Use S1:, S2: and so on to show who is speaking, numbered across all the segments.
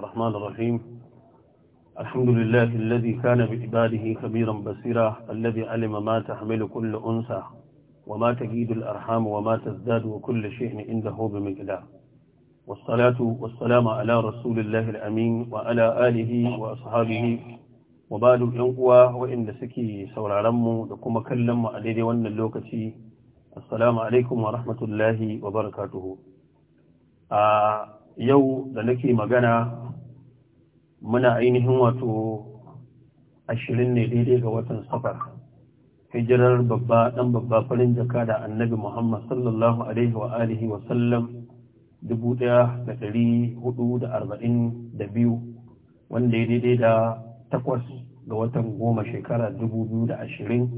S1: الرحمن الرحيم الحمد لله الذي كان بعباده خبيرا بصيرا الذي علم ما تحمل كل أنثى وما تجيد الأرحام وما تزداد وكل شيء عنده بمقدار والصلاة والسلام على رسول الله الأمين وعلى آله وأصحابه وبعد الأنقوى وإن سكي سورة رمو لكم كلم عليه وأن اللوكتي السلام عليكم ورحمة الله وبركاته a yau da nake magana muna ainihin wato ashirin ne daidai ga watan safar hijirar babba dan babba farin jaka da annabi muhammad sallallahu alaihi wa alihi wa sallam dubu daya da dari hudu da arba'in da biyu wanda ya daidai da takwas ga watan goma shekara dubu biyu da ashirin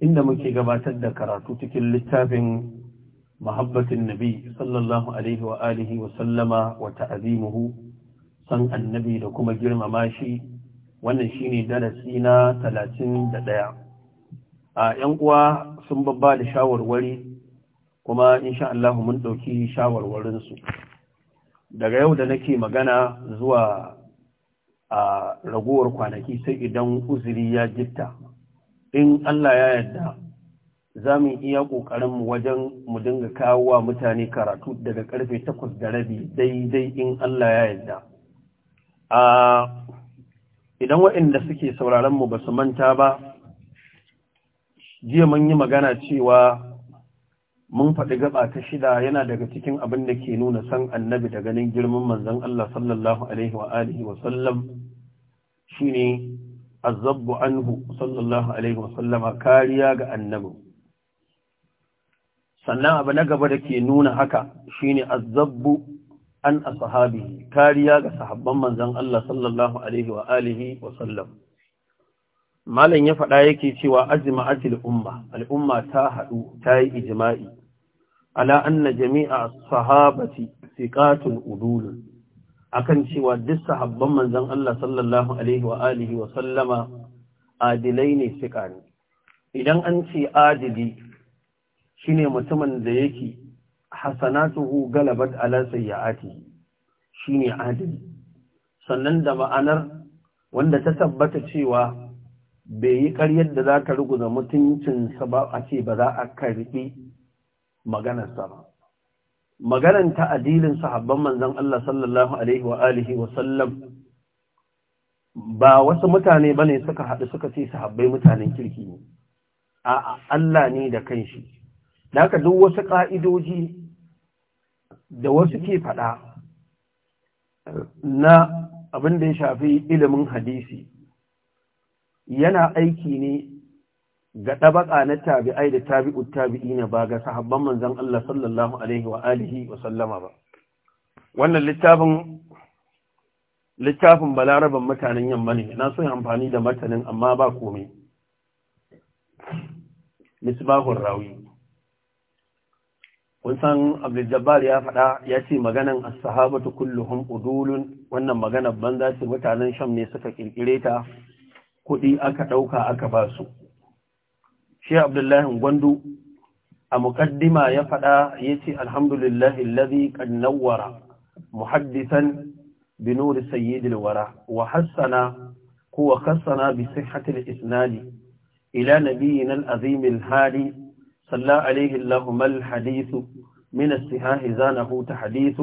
S1: inda muke gabatar da karatu cikin littafin mahabbatin nabi sallallahu alaihi wa alihi wa sallama wa ta'azimuhu san annabi da kuma girmama shi wannan shine darasi na talatin da ɗaya. a ‘yan uwa sun babba da shawarwari kuma insha Allah mun ɗauki shawarwarinsu daga yau da nake magana zuwa a ragowar kwanaki sai idan uzuri ya jitta in Allah ya yarda za mu iya ƙoƙarin wajen mu dinga kawo wa mutane karatu daga ƙarfe takwas da rabi daidai in Allah ya yarda idan waɗanda suke sauraron mu ba su manta ba jiya mun yi magana cewa mun faɗi gaba ta shida yana daga cikin abin da ke nuna san annabi da ganin girman manzon Allah sallallahu alaihi wa alihi wa sallam shine azabbu anhu sallallahu alaihi wa kariya ga annabi sannan abu na gaba da ke nuna haka shine azabbu an ashabihi kariya ga sahabban manzan Allah sallallahu alaihi wa alihi wa sallam malam ya faɗa yake cewa ajma'atil umma al'umma ta haɗu ta yi ijma'i ala anna jami'a sahabati siqatul udul akan cewa duk sahabban manzan Allah sallallahu alaihi wa alihi wa sallama adilai ne siƙa ne idan an ce adili shine mutumin da yake hasanatuhu galabat ala sayyi'ati shine adali sannan da ma'anar wanda ta tabbata cewa bai yi ƙaryar da za ruguza mutuncinsa ba a ce ba za a maganar maganarsa ba maganar ta adilin sahabban manzon Allah sallallahu alaihi wa alihi wa sallam ba wasu mutane bane suka haɗu suka ce sahabbai mutanen kirki ne a Allah ne da kanshi da duk wasu ƙa'idoji da wasu ke faɗa na abin da ya shafi ilimin hadisi yana aiki ne ga ɗabaƙa na tabi'ai da tabi'ut tabi'ina ba ga sahabban manzon Allah sallallahu alaihi wa alihi wa sallama ba wannan littafin littafin balaraban mutanen yamma ne na so amfani da matanin amma ba komai misbahur rawi kun san abdul ya faɗa ya ce maganan as-sahabatu kulluhum udulun wannan maganar banza ce mutanen sham ne suka kirkire ta kuɗi aka ɗauka aka ba su shi abdullahi gwandu a muƙaddima ya faɗa ya ce alhamdulillahi lazi kan nawwara muhaddisan bi nuri sayyidil wara wa hassana ko wa hassana bi sihhatil isnadi ila nabiyina al-azim al-hadi صلى عليه اللهم الحديث من السهاه زانه تحديث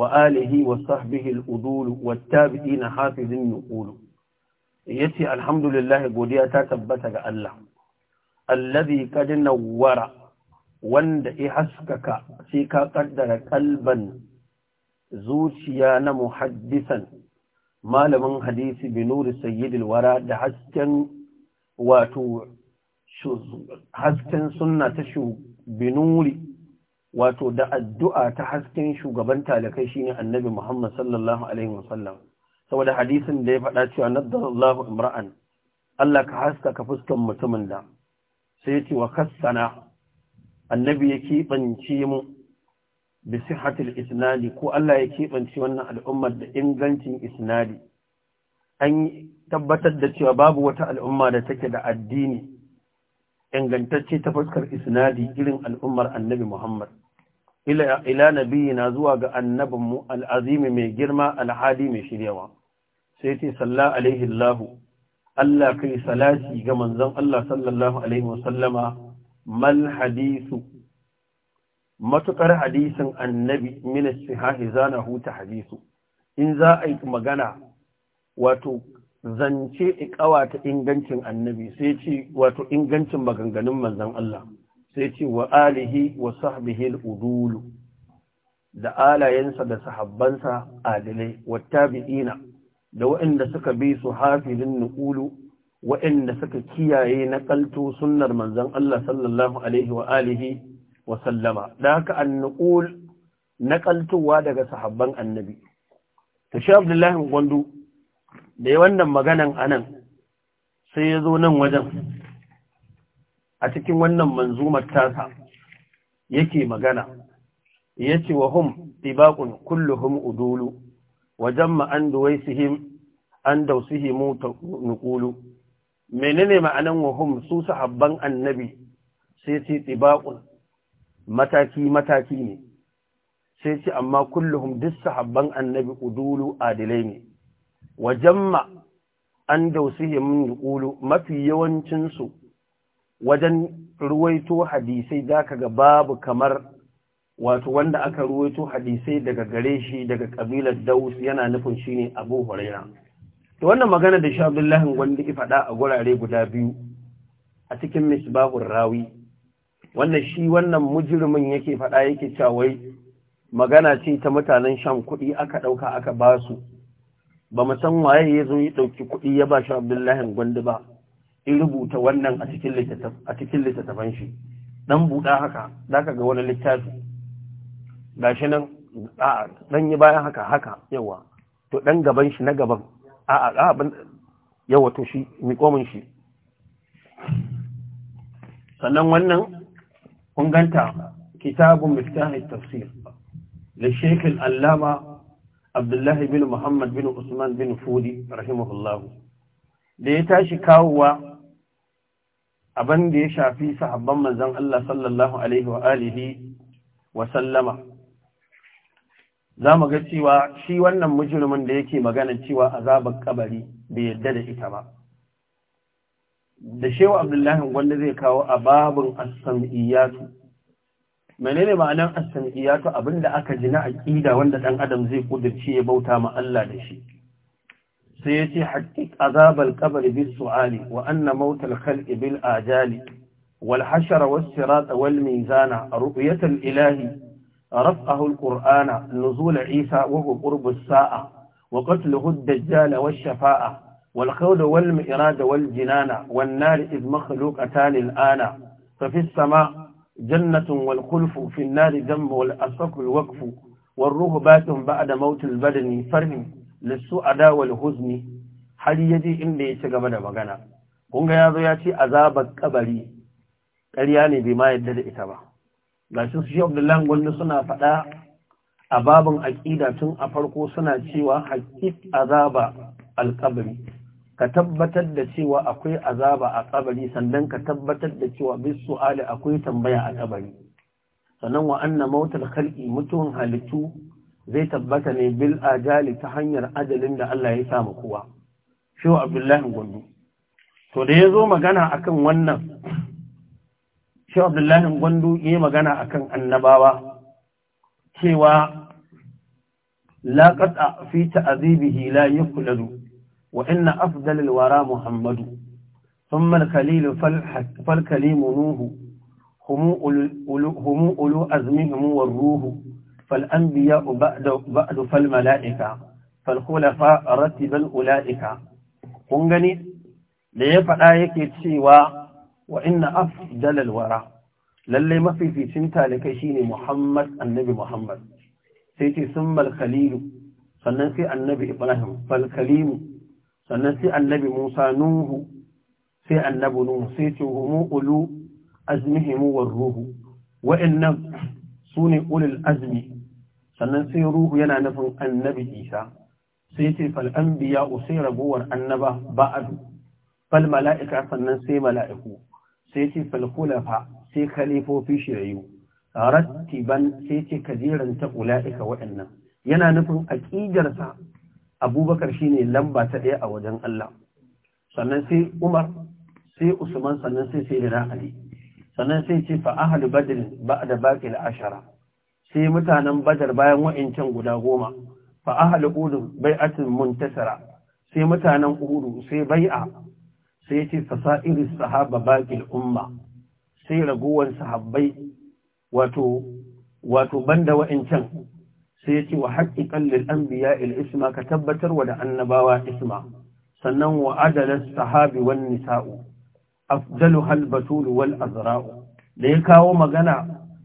S1: وآله وصحبه الأدول والتابعين حافظ النقول يتي الحمد لله قوديا تتبتك الله الذي قد نور وند إحسكك سيكا قدر قلبا زوشيان محدثا ما لمن حديث بنور السيد الورى دحسكا واتو hasken sunna ta binuri wato da addu'a ta hasken shugaban talakai shine annabi Muhammad sallallahu alaihi wasallam saboda hadisin da ya faɗa cewa nadarallahu imra'an Allah ka haska ka fuskan mutumin da sai ya ce wa kassana annabi ya keɓance mu bi sihhatil isnadi ko Allah ya keɓance wannan al'ummar da ingancin isnadi an tabbatar da cewa babu wata al'umma da take da addini ingantacce ta fuskar isnadi irin al'ummar annabi Muhammad ila na zuwa ga annabinmu al'azimi mai girma alhadi mai shiryawa sai ce salla alaihi Allahu Allah kai Salasi ga manzon Allah sallallahu alaihi wasallama mal hadisu matukar hadisin annabi min as-sihahi zanahu huta hadisu in za a yi magana wato zance iƙawa ta ingancin annabi sai ce wato ingancin maganganun manzan Allah sai ce wa alihi wa sahbihi al-udulu da alayensa da sahabbansa adilai tabi'ina da waɗanda suka bi su hafilin nuqulu waɗanda suka kiyaye na kalto sunnar manzon Allah sallallahu alaihi wa alihi wa sallama da haka an-nuqul na kaltowa daga sahabban annabi to shi Abdullahi Gwandu da ya wannan maganan anan sai ya zo nan wajen a cikin wannan manzumar tasa yake magana ya ce wa hum ɗibaƙun kulluhum udulu wajen ma'an duwai sihim an dausihimu ta nukulu menene ma'anan wa hum su sahabban annabi sai ce ɗibaƙun mataki-mataki ne sai ce amma kulluhum duk sahabban annabi udulu adilai ne wa jamma an dausihim yuqulu mafi yawancin su wajen ruwaito hadisai zaka ga babu kamar wato wanda aka ruwaito hadisai daga gare shi daga kabilar Daus yana nufin shine Abu Hurairah to wannan magana da Sha Abdullahi wanda ke faɗa a gurare guda biyu a cikin Misbahur Rawi wannan shi wannan mujrimin yake faɗa yake cewa wai magana ce ta mutanen Sham kuɗi aka ɗauka aka basu ba mu san waye ya zo ya ɗauki kuɗi ya ba shi abdullahi gwanda ba in rubuta wannan a cikin littattafan shi ɗan buɗa haka za ka ga wani littafi ga shi nan a'a ɗan yi bayan haka haka yawa to ɗan gaban shi na gaban a'a a'a yawa to shi miƙomin shi sannan wannan kun ganta kitabun miftahit tafsir da shekul allama abdullahi bin muhammad bin usman bin fudi rahimahullahu da ya tashi kawowa abin da ya shafi sahabban manzan Allah sallallahu alaihi wa alihi wa sallama za mu ga cewa shi wannan mujrimin da yake magana cewa azabar kabari bai yadda da ita ba da shewa abdullahi wanda zai kawo a babin as menene ma'anar as to abinda aka ji na aqida wanda dan adam zai kudirce ya bauta ma Allah da shi sai yace haqiq azab al qabr bil su'ali wa anna maut al khalq bil ajali wal hashara was sirat wal mizana ru'yat al-ilahi rafa'ahu al quran nuzul isa wa qurb as-sa'a wa qatluhu ad-dajjal wa ash-shafa'a wal khawl wal mi'rad wal jinana wan nar iz makhluqatan al-ana fa fi as-sama' جنة والخلف في النار ذنب والأسق الوقف والرهبات بعد موت البدن فرن للسعداء والهزن هل يجي إن ليس قبل مغانا kunga ya zo ya ce azabar kabari karya ne bai ma yadda da ita ba ga shi su abdullahi gwanda suna faɗa a babin aƙida tun a farko suna cewa haƙiƙ azaba alƙabari ka tabbatar da cewa akwai azaba a kabari sannan ka tabbatar da cewa bisu su'ali akwai tambaya a tsabari. sannan wa anna mautal khalqi mutuwan halittu zai tabbata ne bil ajali ta hanyar ajalin da Allah ya sa mu kowa shi abdullahi gundu to da ya zo magana akan wannan shi abdullahi gwandu yi magana akan annabawa cewa laƙata fi ta'azibihi la yukuladu وإن أفضل الورى محمد ثم الخليل فالكليم نوه هم أولو أزمهم والروه فالأنبياء بعد, بعد فالملائكة فالخلفاء رتبا أولئك قنغني ليفعل آيك تشيوا وإن أفضل الورى للي ما في في تنتا لكشين محمد النبي محمد سيتي ثم الخليل فننسي النبي إبراهيم فالكليم sannan sai annabi Musa Nuhu sai annabi Nuhu sai ce humu ulu azmihimu war ruhu wa'annan sune ulul azmi sannan sai ruhu yana nufin annabi Isa sai ce fal anbiya sai rabuwar annaba ba'adu fal mala'ika sannan sai mala'iku sai ce fal khulafa sai khalifofi shirayu rattiban sai ce kajiran ta ula'ika wa'annan yana nufin aqidarsa abubakar shine lamba ta ɗaya a wajen Allah sannan sai umar sai usman sannan sai sai da ali sannan sai ce fa ahlu badr ba'da baqil ashara sai mutanen badar bayan wa'incan guda goma fa ahlu uhud bai'atun muntasara sai mutanen uhud sai bai'a sai ce fasairis sahaba baqil umma sai raguwan sahabbai wato wato banda wa'incan sai ya ce wa haƙiƙan lil'ambiya isma ka tabbatar wa da annabawa isma sannan wa adalar sahabi wan nisa'u afdalu halbatul wal azra'u da ya kawo magana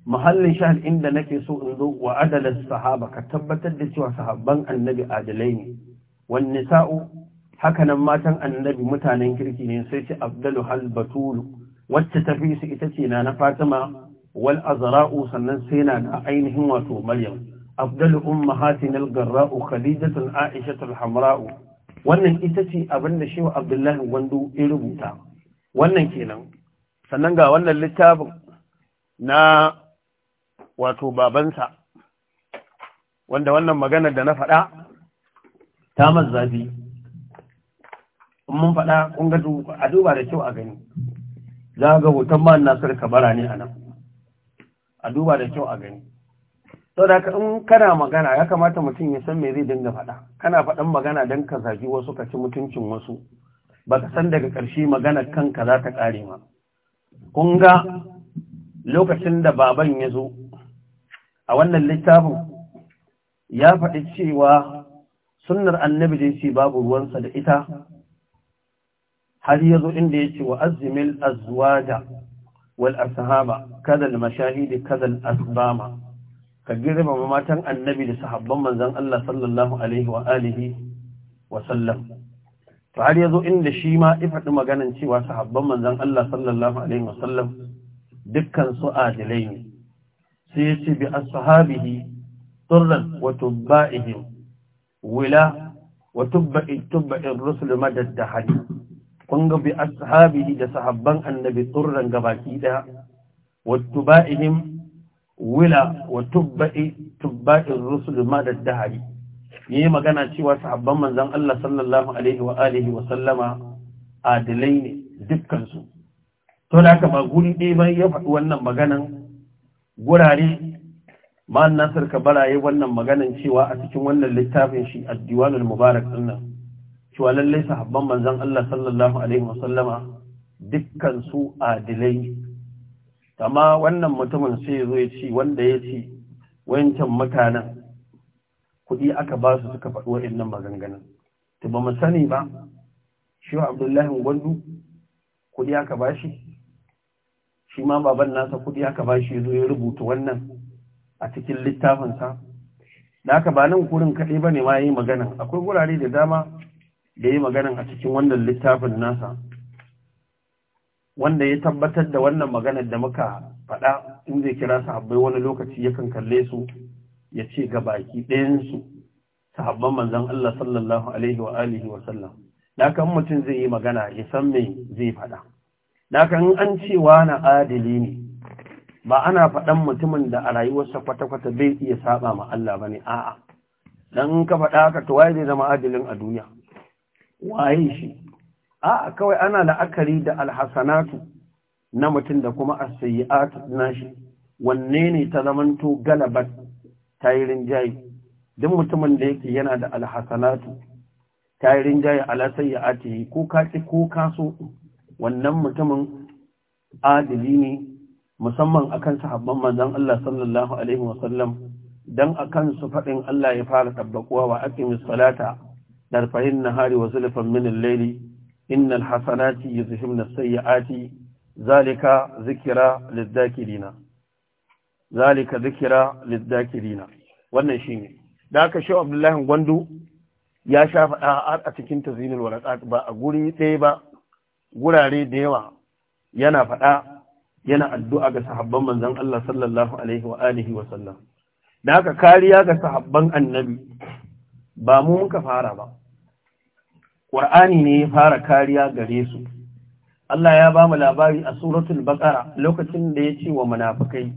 S1: mahallin shahar inda nake so in zo wa adalar sahaba ka tabbatar da cewa sahabban annabi adalai ne wan nisa'u hakanan matan annabi mutanen kirki ne sai ce afdalu halbatul wacce tafi su ita ce na na fatima wal azra'u sannan sai na da ainihin wato maryam أفضل أمهاتنا الغراء خديجة عائشة الحمراء wannan ita ce abin da shi wa Abdullahi wando ya rubuta wannan kenan sannan ga wannan littafin na wato babansa wanda wannan magana da na faɗa ta mazabi in mun faɗa kun ga a duba da kyau a gani za ga hoton ma Nasir Kabara ne a nan a duba da kyau a gani sau da in kana magana ya kamata mutum ya san me zai dinga faɗa kana faɗan magana don ka zagi wasu ka ci mutuncin wasu ba ka san daga ƙarshe maganar kanka za ta ƙare ma kun ga lokacin da baban ya zo a wannan littafin ya faɗi cewa sunnar annabi da ce babu ruwansa da ita har ya zo inda ya ce wa azimil azuwa wal ashaba kazal mashahidi kazal asbama ka girmama matan annabi da sahabban manzan Allah sallallahu alaihi wa alihi wa sallam to har yazo inda shi ma ifadi maganan cewa sahabban manzan Allah sallallahu alaihi wa sallam dukkan su adilai ne sai yace bi ashabihi turran wa tubba'ihim wila wa tubba'in tubba'i ar-rusul madad dahali kun ga bi ashabihi da sahabban annabi turran gabaki daya wato tubba'ihim wila wa tubba'i tubba'in rusul ma da dahari magana cewa sahabban manzon Allah sallallahu alaihi wa alihi wa sallama adilai ne dukkan su to da haka ba guri ɗaya ba ya faɗi wannan maganan gurare ma'an Nasir Kabara yayi wannan maganan cewa a cikin wannan littafin shi Ad-Diwanul Mubarak dinnan cewa lallai sahabban manzon Allah sallallahu alaihi wa sallama dukkan su adilai amma wannan mutumin sai zo ya ci wanda ya ci wancan mutanen kuɗi aka ba su suka faɗi nan maganganun ta ba mu sani ba shi wa abdullahi gwandu kuɗi aka ba shi shi ma baban nasa kuɗi aka ba shi zo ya rubuta wannan a cikin littafinsa da aka ba nan kurin kaɗai ba ne ma ya yi maganan akwai wurare da dama da ya yi magana a cikin wannan littafin nasa wanda ya tabbatar da wannan maganar da muka faɗa in zai kira sahabbai wani lokaci yakan kalle su ya ce ga baki ɗayansu sahabban manzon Allah sallallahu alaihi wa alihi wa sallam mutum zai yi magana ya san me zai faɗa in an ce wani adili ne ba ana faɗan mutumin da a rayuwarsa kwata-kwata bai iya saba ma Allah ba bane a'a dan ka faɗa haka to waye zai zama adilin a duniya waye shi a kawai ana la'akari da alhasanatu na mutum da kuma asayi'atu nashi wanne ne ta zamanto galabat tayirin jayi duk mutumin da yake yana da alhasanatu tayirin jayi ala sayi'ati ko ka ci ko ka so wannan mutumin adili ne musamman akan sahabban manzon Allah sallallahu alaihi wasallam dan akan su faɗin Allah ya fara tabbakuwa wa aqimis salata na nahari wa zulfan min al-layli innal hasanati yuzhibna sayyiati zalika zikira lidakirina zalika zikira lidakirina wannan shine da aka shi Abdullahi Gwandu ya sha faɗa a cikin tazinin waraqat ba a guri ɗaya ba gurare da yawa yana faɗa yana addu'a ga sahabban manzon Allah sallallahu alaihi wa alihi wa sallam da aka kariya ga sahabban annabi ba mu muka fara ba ƙur'ani ne ya fara kariya gare su Allah ya ba mu labari a suratul baqara lokacin da ya ce wa munafikai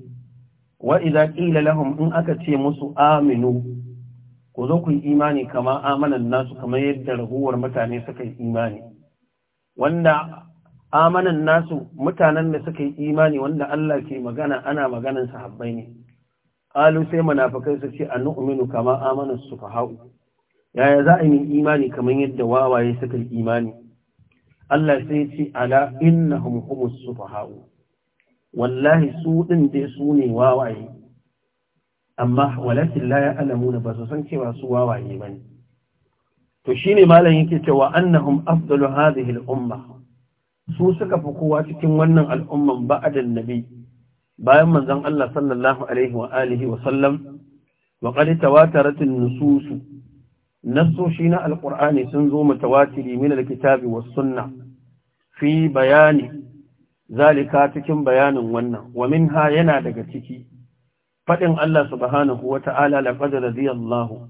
S1: wa idza qila lahum in aka ce musu aminu ku zo ku yi imani kama amanan nasu kamar yadda raguwar mutane suka yi imani wanda amanan nasu mutanen da suka yi imani wanda Allah ke magana ana maganan sahabbai ne qalu sai munafikai su ce anu'minu kama amanan hau. yaya za a yi imani kamar yadda wawaye suka yi imani Allah sai ce ala innahum humus sufaha'u wallahi su din dai su ne wawaye amma walakin la ya'lamuna ba su san cewa su wawaye ba ne. to shine malam yake cewa annahum afdalu hadhihi al'umma, umma su suka fi kowa cikin wannan al'umman ba'adan nabi bayan manzon Allah sallallahu alaihi wa alihi wa sallam wa qad tawatarat an-nusus nasoshi na alƙur'ani sun zo mutawatiri min alkitabi was sunna fi bayani zalika cikin bayanin wannan wa minha yana daga ciki Faɗin Allah subhanahu wata'ala laqad radiyallahu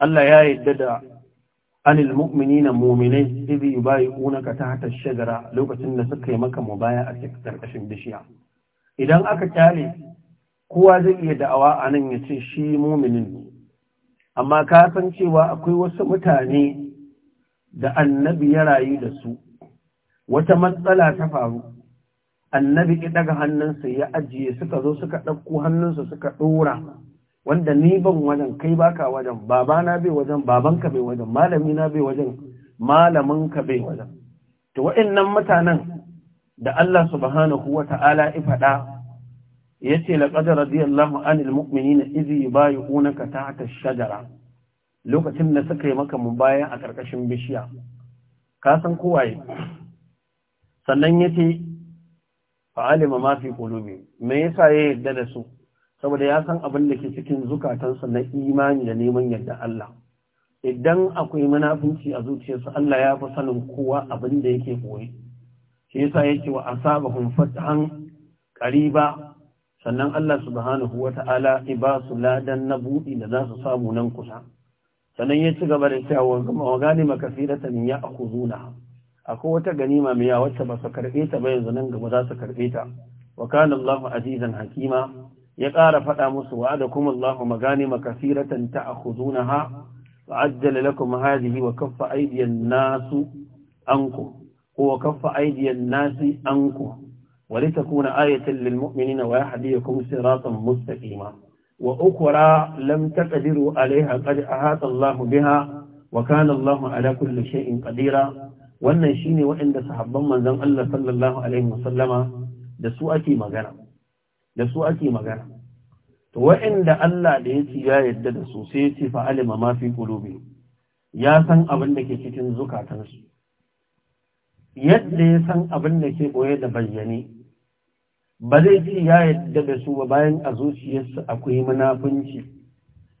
S1: Allah ya yadda da anil mu'minina mu'minai idh yubayi'unaka tahta ash-shajara lokacin da suka yi maka baya a cikin karkashin bishiya idan aka kyale kowa zai iya da'awa a nan ya ce shi mu'minin amma ka san cewa akwai wasu mutane da annabi ya rayu da su wata matsala ta faru annabi ki daga hannunsa ya ajiye suka zo suka ɗauko hannunsa suka ɗora wanda ni ban wajen kai baka wajen babana bai wajen babanka bai wajen malamina bai wajen malaminka bai wajen to wa'annan mutanen da Allah subhanahu wata'ala ya faɗa Ya yace laqad radiyallahu anil mu'minina idh yubayyi'unaka ta ash-shajara lokacin da suka yi maka mubaya a karkashin bishiya ka san kowaye sannan yace fa'alima ma fi qulubi me yasa ya yarda da su saboda ya san abin da ke cikin zukatansa na imani da neman yarda Allah idan akwai munafunci a zuciyarsu Allah ya fi sanin kowa abin da yake koyi shi yasa yake wa asabahum fatahan qariba sannan Allah subhanahu wa ta'ala iba su ladan na buɗi da za su samu nan kusa sannan ya ci gaba da cewa wa gani makasirata min ya akhuzuna akwai wata ganima mai yawa wacce ba su karɓe ta ba yanzu nan gaba za su karɓe ta wa kana azizan hakima ya ƙara faɗa musu wa da kuma Allahu maganima kasiratan ta'khudunaha fa'ajjala lakum hadhihi wa kaffa aydiyan nasu ankum ko wa kaffa aidiyan nasi ankum ولتكون آية للمؤمنين ويهديكم صراطا مستقيما وأخرى لم تقدروا عليها قد أحاط الله بها وكان الله على كل شيء قديرا wannan shine waɗanda sahabban manzon Allah sallallahu alaihi wasallama da su ake magana da su ake magana to waɗanda Allah da yake ya yarda da su sai ya ce fa alima ma fi qulubi ya san abin da ke cikin zukatansu yadda ya san abin da ke boye da bayyane ba zai ce ya yadda da su ba bayan a zuciyarsa akwai munafunci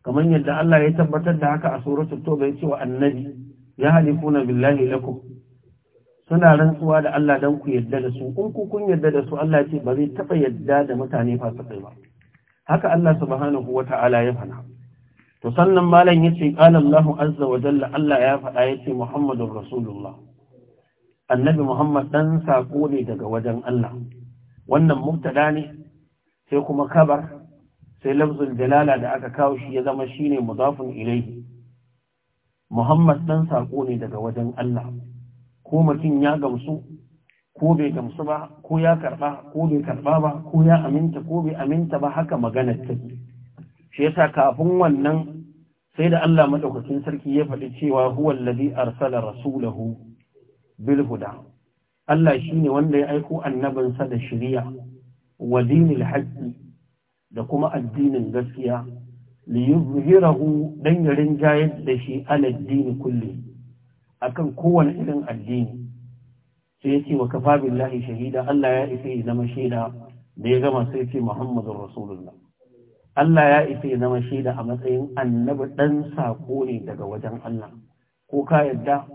S1: kamar yadda Allah ya tabbatar da haka a suratul toba yace wa annabi ya halifuna billahi lakum suna rantsuwa da Allah dan ku yadda da su in ku kun yadda da su Allah ce ba zai taba yadda da mutane fasikai ba haka Allah subhanahu wata'ala ya fana to sannan malam yace qala Allahu azza wa jalla Allah ya faɗa yace Muhammadur rasulullah annabi Muhammad dan sako ne daga wajen Allah wannan mubtada ne sai kuma kabar sai lafzul jalala da aka kawo shi ya zama shine mudafun ilayhi Muhammad dan sako ne daga wajen Allah ko mutum ya gamsu ko bai gamsu ba ko ya karba ko bai karba ba ko ya aminta ko bai aminta ba haka maganar take shi yasa kafin wannan sai da Allah madaukakin sarki ya faɗi cewa huwa allazi arsala rasulahu Bilhuda, Allah Allah shine wanda ya aiko annabinsa da shiriya wa dinil da kuma addinin gaskiya li yuzhirahu dan ya rinjayar da shi ala dini kulli akan kowane irin addini sai yake wa kafa billahi shahida Allah ya isa ya zama shaida da ya gama sai yace Muhammadur Rasulullah Allah ya isa ya zama shaida a matsayin annabi dan sako ne daga wajen Allah ko ka yadda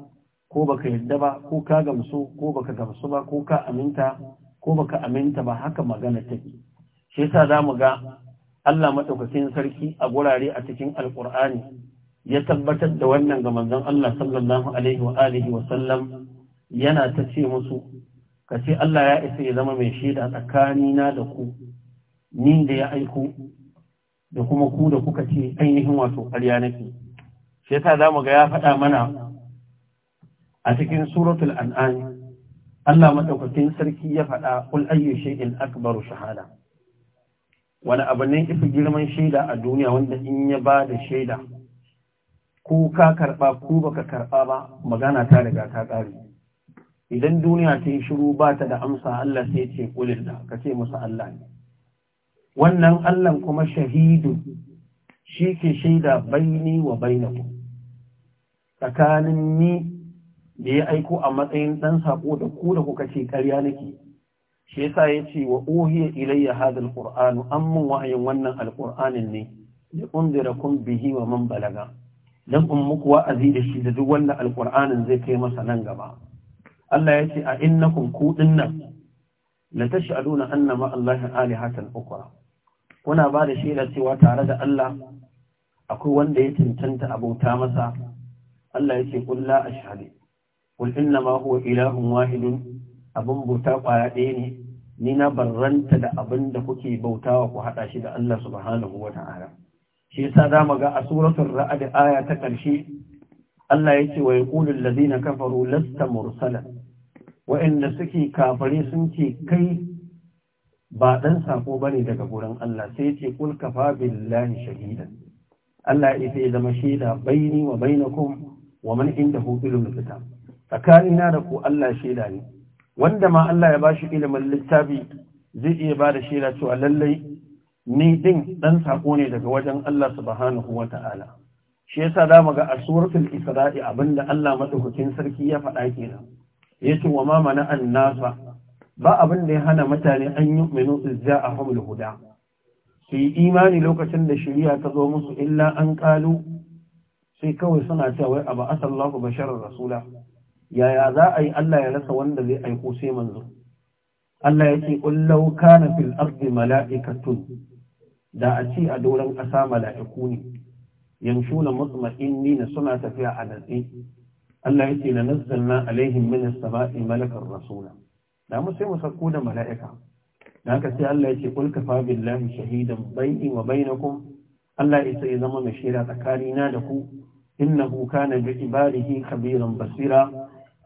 S1: ko baka yadda ba ko ka gamsu ko baka gamsu ba ko ka aminta ko baka aminta ba haka magana take shi yasa zamu ga Allah madaukakin sarki a gurare a cikin alqur'ani ya tabbatar da wannan ga manzon Allah sallallahu alaihi wa alihi wa sallam yana ta ce musu ka ce Allah ya isa ya zama mai shaida tsakanina da ku ni da ya aiko da kuma ku da kuka ce ainihin wato ƙarya nake shi yasa zamu ga ya faɗa mana a cikin suratul an'am Allah madaukakin sarki ya faɗa kul ayyu shay'in akbaru shahada wani abu ne ifi girman shaida a duniya wanda in ya ba da shaida ko ka karɓa ko baka karɓa ba magana ta riga ta kare idan duniya ta yi shiru ba ta da amsa Allah sai ce kulilla ka ce musu Allah ne wannan Allah kuma shahidu shi ke shaida baini wa bainaku tsakanin ni da ya aiko a matsayin ɗan saƙo da ku da kuka ce ƙarya nake shi yasa ya ce wa uhiya ilayya hadal qur'anu an mun wahayin wannan alqur'anin ne li unzirakum bihi wa man balaga dan in muku wa'azi da shi da duk wanda alqur'anin zai kai masa nan gaba Allah ya ce a innakum ku dinnan la tash'aluna anna ma allahi alihatan ukra kuna ba da shaida cewa tare da Allah akwai wanda ya tantanta abota masa Allah ya ce kullu ashhadu kul inna ma huwa ilahun abin bauta kwaya ɗaya ne ni na ranta da abin da kuke bautawa ku haɗa shi da Allah subhanahu wa ta'ala shi yasa za mu ga a suratul ra'd aya ta ƙarshe Allah ya ce wa yaqulu allazina kafaru lasta mursala wa'anda suke kafare sun ce kai ba dan sako bane daga gurin Allah sai ya ce kul kafa billahi shahidan Allah ya ce zama shaida baini wa bainakum wa man indahu ilmul kitab tsakanina da ku Allah shaida ne wanda ma Allah ya ba shi ilimin littafi zai iya ba da shaida cewa lallai ni din dan sako ne daga wajen Allah subhanahu ta'ala. shi yasa da mu ga a suratul isra'i abinda Allah maɗaukakin sarki ya faɗa Ya ce wa ma mana nasa. ba abin da ya hana mutane an yi minu izza a hamul huda su yi imani lokacin da shari'a ta zo musu illa an kalu sai kawai suna cewa wai abu asallahu bashar rasula yaya za a yi Allah ya rasa wanda zai aiko sai manzo Allah ya ce ƙullau kana fil ardi mala'ikatun da a ce a doron ƙasa mala'iku ne yanzu na ni na suna tafiya a natsi Allah ya ce na nazzalna na min as-sama'i malakan rasula da mu sai mu sako da mala'ika da haka sai Allah ya ce ƙulka kafa billahi shahidan bayni wa bainakum Allah ya sai zama mai shaida tsakanina da ku innahu kana bi ibadihi khabiran basira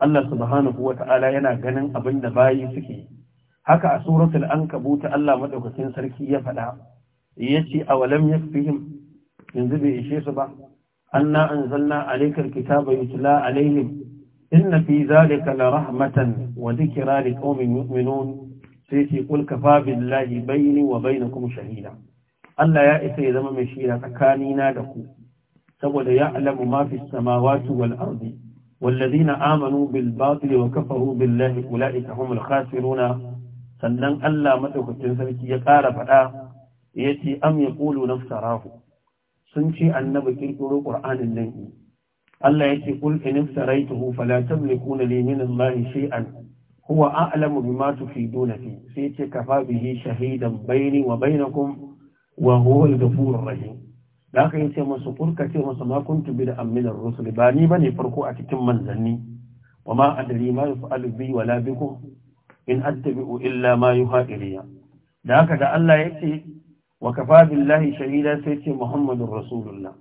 S1: Allah subhanahu wata'ala yana ganin abin da bayi suke haka a suratul ankabut Allah maɗaukacin sarki ya faɗa yace fi yakfihim yanzu bai ishe su ba anna anzalna alaykal kitaba yutla alaihim inna fi zalika la rahmatan wa da liqaumin yu'minun sai ce kul kafa billahi bayni wa kuma shahida Allah ya isa ya zama mai shira tsakanina da ku saboda ya alamu mafi samawatu wal ardi والذين آمنوا بالباطل وكفروا بالله أولئك هم الخاسرون sannan Allah madaukakin sarki ya ƙara faɗa yace am yaqulu naftarahu sun ce annabi kirkiro qur'anin nan Allah yace kul in iftaraituhu fala tamlikuna li min Allah shay'an huwa a'lamu bima tufiduna fi sai yace kafa bihi shahidan baini wa bainakum
S2: wa huwa
S1: rahim da yace musu kurka ce musu ma kuntu bi da aminar rusul ba ni bane farko a cikin manzanni wa ma adri ma yaf'alu bi wala bikum in attabi'u illa ma yuha ilayya da haka da Allah yace wa kafa billahi shahida sai ce muhammadur rasulullah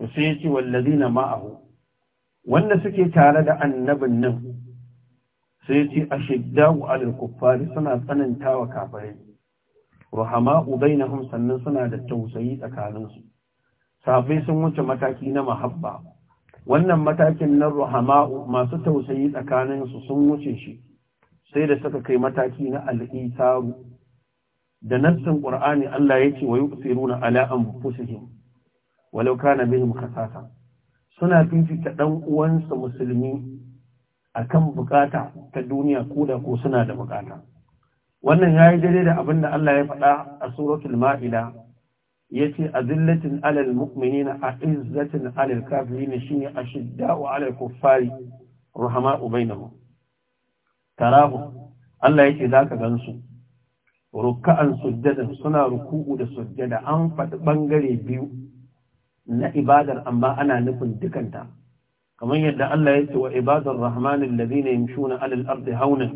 S1: to sai yace wallazina ma'ahu wanda suke tare da annabin nan sai yace ashiddau alal kuffari suna tsanantawa kafirai ruhama'u bainahum sannan suna da tausayi tsakaninsu sabai sun wuce mataki na mahabba wannan matakin na ruhama'u masu tausayi tsakaninsu sun wuce shi sai da suka kai mataki na al'isaru da nassin ƙur'ani Allah ya ce wa yi tsiruna ala'an fusihim walau kana bihim kasasa suna fifita ɗan uwansa musulmi a kan bukata ta duniya ko da ko suna da bukata wannan yayi dare da abin da Allah ya faɗa a suratul ma'ida yace azillatin alal mu'minina a'izzatin alal kafirin shine wa alal kuffari rahama'u bainahum tarahu Allah yake zaka gansu ruk'an sujjadan suna ruku'u da sujjada an faɗi ɓangare biyu na ibadar amma ana nufin dukanta kamar yadda Allah ya ce wa ibadar rahmanin alladhina shuna alal ardi hauna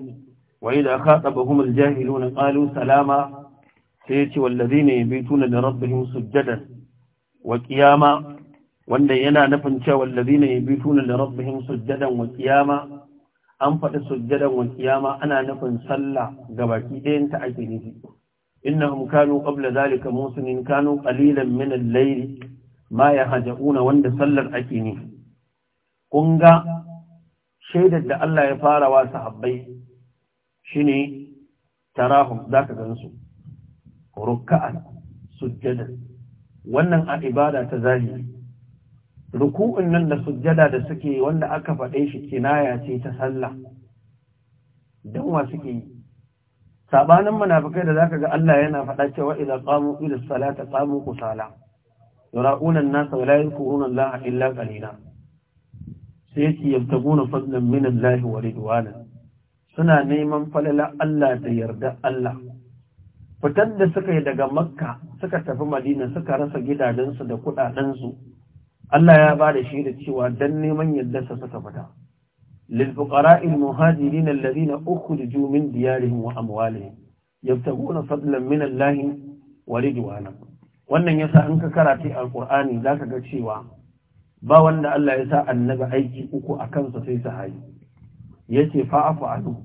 S1: wa idha khatabahum aljahiluna qalu salama sai ya ce wallazi ne bai tuna da rabbihin sujjadan wa qiyama wanda yana nufin cewa wallazi ne bai tuna da rabbihin sujjadan wa qiyama an faɗi sujjadan wa qiyama ana nufin sallah ga baki ɗayan ta ake nufi innahum kanu qabla zalika musinin kanu qalilan min al-layl ma yahja'una wanda sallar ake ni. kun ga shaidar da Allah ya fara wa sahabbai shine tarahum zaka gansu ruka'an sujjada wannan a ibada ta zahiri ruku'un nan da sujjada da suke wanda aka faɗe shi kinaya ce ta sallah don wa suke yi sabanin munafikai da zaka ga Allah yana faɗa cewa idan qamu ila salata qamu kusala yura'una an-nasa wa la yadhkuruna Allah illa qalila sai yake yabtaguna fadlan min Allah wa ridwana suna neman falala Allah da yarda Allah fitar da sukayi daga makka suka tafi madina suka rasa gidajensu da kudadensu Allah ya ba da shi da cewa dan neman yaddarsa suka fita للفقراء المهاجرين الذين أخرجوا من ديارهم وأموالهم يبتغون فضلا من الله ورضوانا wannan yasa an ka karate alqur'ani zaka ga cewa ba wanda Allah ya sa annabi aiki uku a kansa sai sahabi yace fa'afu adu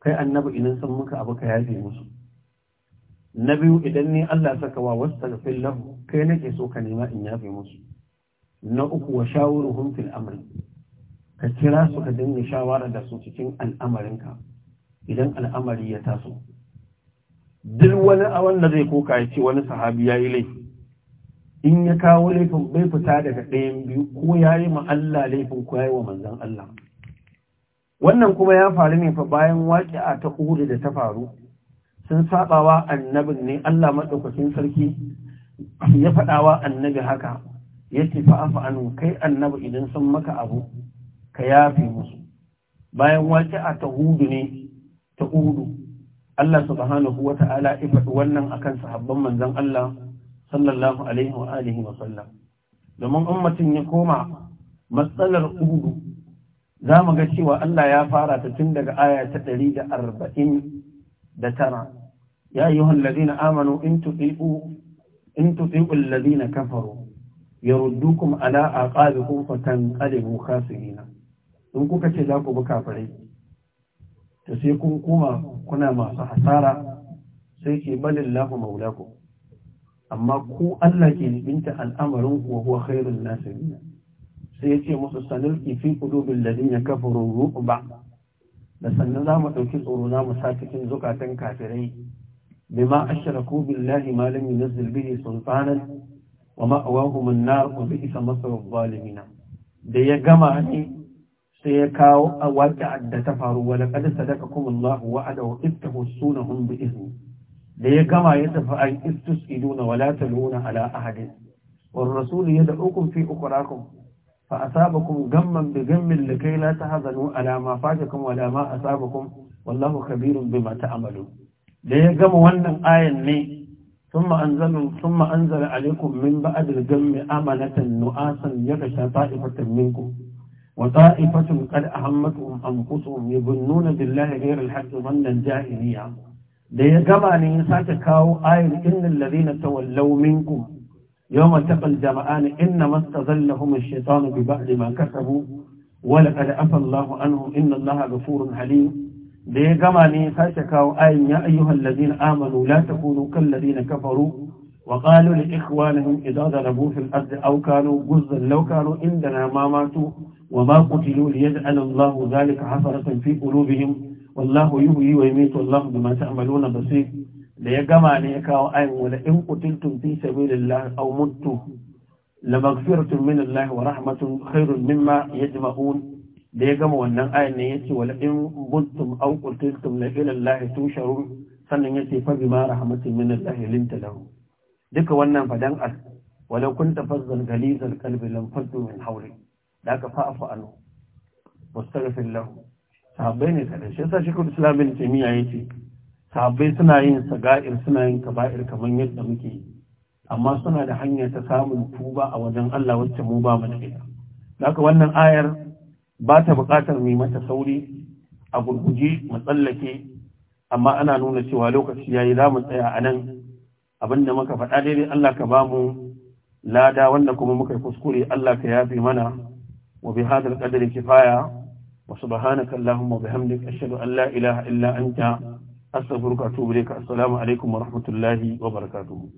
S1: kai annabi idan san muka abu ka yafe musu na biyu idan ni Allah saka wa wastaghfir lahu kai nake so ka nema in yafe musu na uku wa shawuruhum fil amri ka kira su ka dinga shawara da su cikin al'amarinka idan al'amari ya taso duk wani a wanda zai koka ya ce wani sahabi ya yi laifi in ya kawo laifin bai fita daga ɗayan biyu ko ya yi ma Allah laifin ko ya yi wa manzan Allah wannan kuma ya faru ne fa bayan waƙi'a ta uhud da ta faru sun sabawa annabin ne Allah madaukakin sarki ya faɗawa annabi haka ya ce fa'afa an kai annabi idan sun maka abu ka yafi musu bayan wace a ta hudu ne ta hudu Allah subhanahu wa ta'ala ifaɗi wannan akan sahabban manzon Allah sallallahu alaihi wa alihi wa sallam domin ummatin ya koma matsalar hudu za mu ga cewa Allah ya fara ta tun daga aya ta ɗari da arba'in da tara ya yi na amanu in tuti'u allazina kafaru yaruddukum ala aqabikum fatanqalibu khasirina in kuka ce za ku bi kafirai Ta sai kun koma kuna masu hasara sai ke balillahu maulakum amma ku Allah ke binta al'amarin wa huwa khairul nasirin sai yace musu sanulki fi qulubil ladina kafaru ba. da sannan za mu ɗauki tsoro za mu sa cikin zukatan kafirai bima ashraku billahi Malami na yunzil bihi sultanan wa ma'awahum min nar wa bi'sa masru adh da ya gama ne sai ya kawo waƙi'ar adda ta faru wa laqad sadaqakum Allahu wa'adahu ittahusunahum bi izni da ya gama ya tafi an iduna wa la taluna ala ahadin والرسول يدعوكم في أخراكم fa asabakum gamman bi gammin da kai la ta hazanu alama a wa lama asabakum wallahu kabirun bima ta'malu da ya gama wannan ayan ne thumma anzalu thumma anzala alaykum min ba'd al-gammi amanatan nu'asan yaghsha ta'ifatan minkum wa ta'ifatan qad ahammatuhum anfusuhum yubnuna billahi ghayra al wannan jahiliya da ya gama ne sake kawo ayan innal ladina tawallaw minkum يوم التقى الجمعان إنما استظلهم الشيطان ببعض ما كسبوا ولقد عفى الله عنهم إن الله غفور حليم da ya gama ne sashe kawo ayin ya ayyuhan ladina amanu la takunu kan ladina kafaru wa qalu li ikhwanihim idza darabu fil ardi aw kanu guzzan law kanu indana ma matu wa ma qutilu liyaj'al Allah dhalika hasratan fi qulubihim wallahu da ya gama ne ya kawo ayin wala in qutiltum fi lillahi aw muttu la maghfiratun min lillahi wa rahmatun khairun mimma yajma'un da ya gama wannan ayin ne ya ce wala in buntum au qutiltum la ila Allah tusharun sannan ce fabi ma rahmatin min lillahi linta lahu duka wannan fadan as walau kunta fazzan galizal qalbi lam faddu min haure da ka fa'fu anhu wastaghfir lahu sahabbai ne kada shi yasa shi kudu islamin jami'a ce? sahabbai suna yin saga'ir suna yin kaba'ir kamar yadda muke amma suna da hanyar ta samun tuba a wajen Allah wacce mu ba mu da ita haka wannan ayar ba ta buƙatar mai mata sauri a gurguje mu tsallake amma ana nuna cewa lokaci yayi za mu tsaya a nan abinda muka faɗa daidai Allah ka ba mu lada wanda kuma muka yi kuskure Allah ka yafe mana wa bi hadal qadri kifaya wa subhanaka allahumma wa bihamdika ashhadu an la ilaha illa anta astaghfiruka wa atubu ilayka assalamu alaikum wa rahmatullahi wa barakatuh